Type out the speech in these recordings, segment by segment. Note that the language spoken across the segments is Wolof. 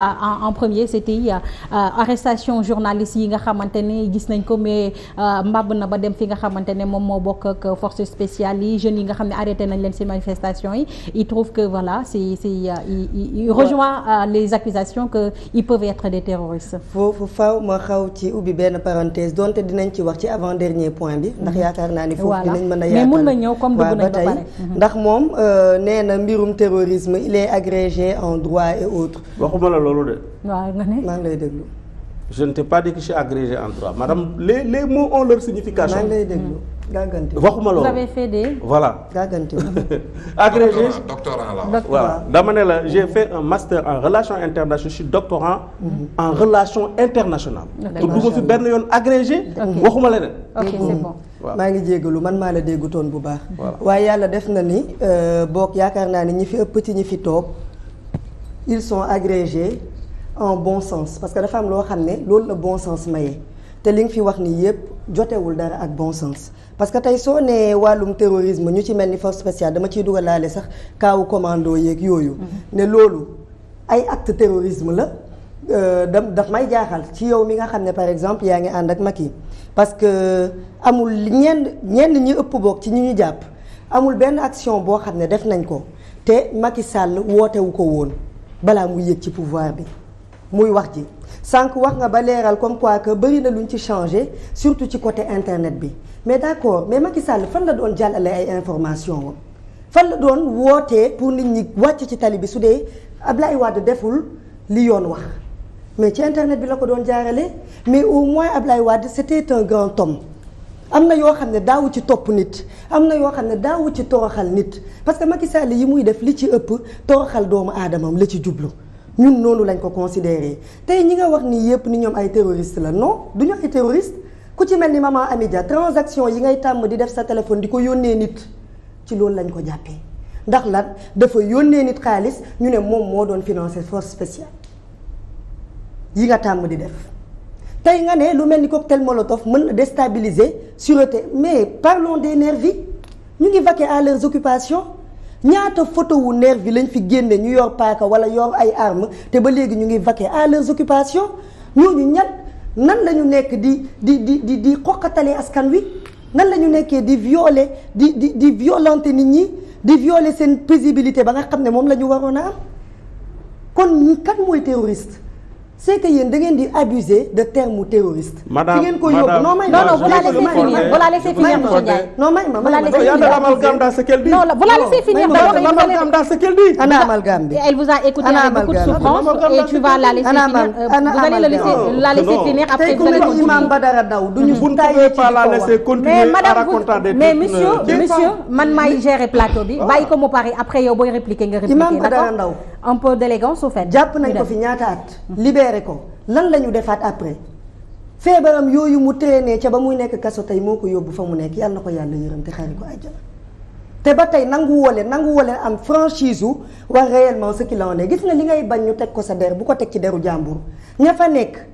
en en premier c'était euh, arrestation journaliste yi nga xamante ne gis nañ ko mais euh, mbàbb na ba dem fi nga xamante ne moom moo bokk euh, force spéciale yi jeunes yi nga xam ne arrêté nañ leen ci manifestation yi il trouve que voilà si si il rejoint les accusations que ils peuvent être des terroristes. foofu faaw ma xaw ci ubbi benn parenthèse donte dinañ ci wax ci avant dernier point bi. ndax mhm. yaakaar naa ni foofu dinañ mën na ñëw comme dugg nañ ba mhm. ndax moom nee na mbirum terrorisme il est agrégé en droit loolu de. waaw nga ne. maa ngi lay déglu. je ne t'ai pas dit que je suis agrégé en droit madame les les mots ont leur signification. maa ngi lay déglu mm. gàggante. waxuma la ne la j'ai fait un master en relations internationales je mm-hmm. en relations internationales. te dugg fi benn yoon agrégé. waxuma leneen. ok c'est mm-hmm. bon. maa ngi jégalu man maa la déggutoon bu baax. waaye yàlla def na ni. Euh, boog yaakaar naa ni ñi fi ëpp ci ñi fi toog. ils sont agrégés en bon sens parce que dafa am loo xam ne loolu la bon sens maye te li nga fi wax nii yëpp jotewul dara ak bon sens. parce que tey soo nee wàllum terrorisme ñu ci mel ni force spéciale dama ciy dugalaale sax kaawu commando yeeg yooyu. Mm-hmm. ne loolu ay acte terrorisme la. Euh, da daf may jaaxal ci yow mi nga xam ne par exemple yaa ngi ànd ak yi parce que amul ñenn ñenn ñi ëpp boog ci ñi ñu jàpp amul benn action boo xam ne def nañ ko te Macky sàll wootewu ko woon. balaa muy yëg ci pouvoir bi muy wax ci sànq wax nga ba leeral comme quoi que bëri na luñ ci changé surtout ci côté internet bi mais d'accord mais ma Macky sàll fan la doon jàllale ay information wa fan la doon wootee pour nit ñi wàcc ci tali bi su dee Ablaye Wade deful li yoon wax mais ci internet bi la ko doon jaarale mais au moins Ablaye Wade et un grand homme am na yoo xam ne daawu ci topp nit am na yoo xam ne daawu ci toroxal nit parce que Macky Sall yi muy def li ci ëpp toroxal doomu aadamam la ci jublu ñun noonu lañ ko considéré tey ñi nga wax nii yëpp ni ñoom ay terroriste la non du ñu ay terroriste ku ci mel ni maman Amidia transaction yi ngay tàmm di def sa téléphone di ko yónnee nit ci loolu lañ ko jàppee ndax lan dafa yónnee nit xaalis ñu ne moom moo doon financé force spéciale yi nga tàmm di def tey nga lu mel ni cocktail molotov mën na déstabiliser sureté mais parlon des nervis ñu ngi vaquer à leurs occupations ñaata photo wu nervi lañ fi génne ñu yor paaka wala yor ay armes te ba léegi ñu ngi vaquer à leurs occupations ñooñu ñat nan la ñu nekk di di di di di xoqatale askan wi nan la ñu nekkee di violer di di di violenter nit ñi di violer seen paisibilité ba nga xam ne moom la ñu waroon a am kon kan mooy terroriste c'est que yéen da ngeen di abuser de terme terroriste. madame ngeen ko yóbbu non may. non non vous la laissez finir vous la laissez finir monsieur Ndiaye. non may ma ma ma yàlla amalgame dans ce qu'elle dit. non la vous la laissez finir d'abord amalgame dans ce qu'elle dit. ana amalgame bi elle vous a écouté avec beaucoup de souffrance et tu vas la laisser finir vous allez la laisser la laisser finir après mm-hmm. vous allez continuer. imam Badara Ndaw duñu bu taayee pas la laisser continuer à raconter mais monsieur euh, monsieur man maay gérer plateau bi ah. bàyyi ko mu pari après yow booy répliquer nga répliquer d'accord imam Badara Ndaw un peu d'élégance au fait. jàpp nañ ko fi ñaata at. libéré ko lan la ñu defaat après. feebaram yooyu mu traîné ca ba muy nekk kaso tey moo ko yóbbu fa mu nekk yàlla na ko yàlla yërëm te xaari ko àjjana te ba tey nangu woole nangu woole am franchise u wax réellement ce qu'il en est gis nga li ngay bañ ñu teg ko sa der bu ko teg ci deru jàmbur ña fa nekk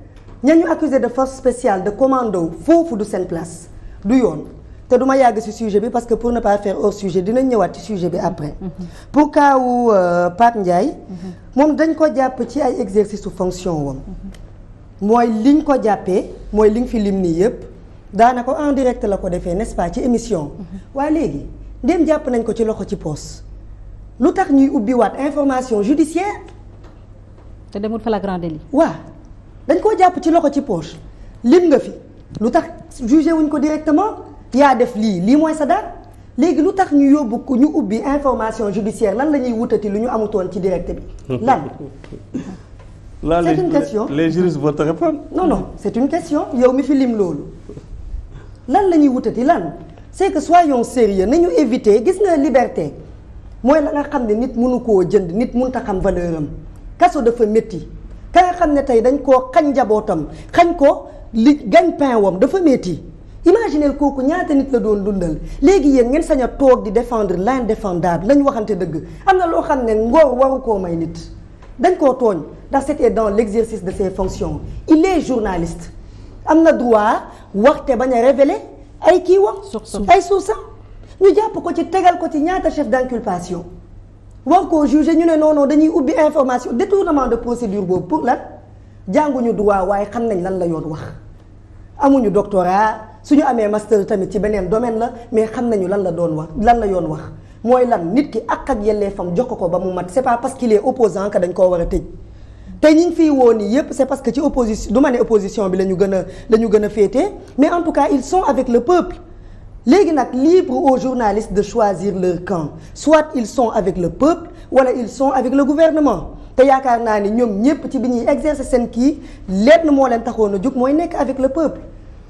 ña ñu accusé de force spéciale de commando foofu du seen place du yoon te du ma yàgg ci sujet bi parce que pour ne pas faire hors sujet dinañ ñëwaat ci sujet bi après. Mhm. pour cas wu euh, Pape Ndiaye. Mhm. moom dañ ko jàpp ci ay exercice su fonction wam mhm. mooy liñ ko jàppee mooy liñ fi lim nii yëpp daanaka en direct la ko defee n'est-ce ci émission. waaye léegi ndéem jàpp nañ ko ci loxo ci poos lu tax ñuy ubbiwaat information judiciaire. te demul flagrant délit. waaw jàpp ci loxo ci poche lim nga fi lu tax jugé wuñ ko directement. yaa def lii lii mooy sa daan léegi lu tax ñu yóbbu ku ñu ubbi information judiciaire lan la ñuy wutati lu ñu amutoon ci direct bi lan. là c'est une question les juristes vont te répondre. non non c'est une question yow mi lim loolu lan la ñuy wutati lan c'est que soyons sérieux nañu éviter gis nga liberté mooy la nga xam ne nit mënu koo jënd nit mënut a xam valeur am kaso dafa métti ka nga xam ne tey dañ koo xañ njabootam xañ ko li gagne-pain wam dafa métti. imaginez kooku ñaata nit la doon dundal léegi yéen ngeen sañ a toog di défendre l'indéfendable lañ waxante dëgg am na loo xam ne ngor waru koo may nit dañ koo tooñ ndax c'était dans l'exercice de ses fonctions il est journaliste am na droit waxte bañ a révéler ay kii wax ay sources ñu jàpp ko ci tegal ko ci ñaata chef d'inculpation war koo juger ñu ne non dañuy ubbi information détournement de procédure boobu pour lan jànguñu droit waaye xam nañ lan la yoon wax amuñu doctorat suñu amee master tamit ci beneen domaine la mais xam nañu lan la doon wax lan la yoon wax mooy lan nit ki ak ak yelleefam jox ko ko ba mu mat c'est pas parce qu'il est opposant ko dañ koo war a tëj te ñi ngi fiy woon nii yépp c'est parce que ci opposition du ma ne opposition bi lañu gën a la gën a féete mais en tout cas ils son avec le peuple léegi nag libre aux journalistes de choisir leur camp soit ils son avec le peuple wala ils sont avec gouvernement te yaakaar naa ni ñoom ñëpp ci bi ñuy exercer seen kii lenn moo leen taxoon a jóg mooy nekk avec le peuple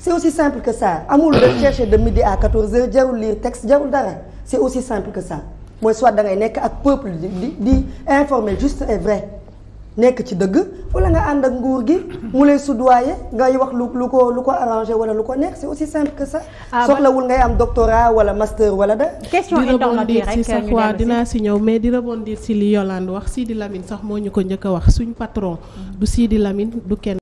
c' aussi simple que ça amul de chercher de midi à 14h jarul lire texte jarul dara c' est aussi simple que ça mooy soit da ngay nekk ak peuple di di informe juste et vrai. nekk ci dëgg wala nga ànd ak nguur gi mu lay soudoyer ngay wax lu lu ko lu ko arrangé wala lu ko neex c'est aussi simple que ça ah, soxlawul ngay am doctorat wala master wala da question rebondir si sax waa dinaa si ñëw mais di rebondir si li Yolande wax Sidi Lamine sax moo ñu ko njëkk wax suñu patron du Sidi Lamine du kenn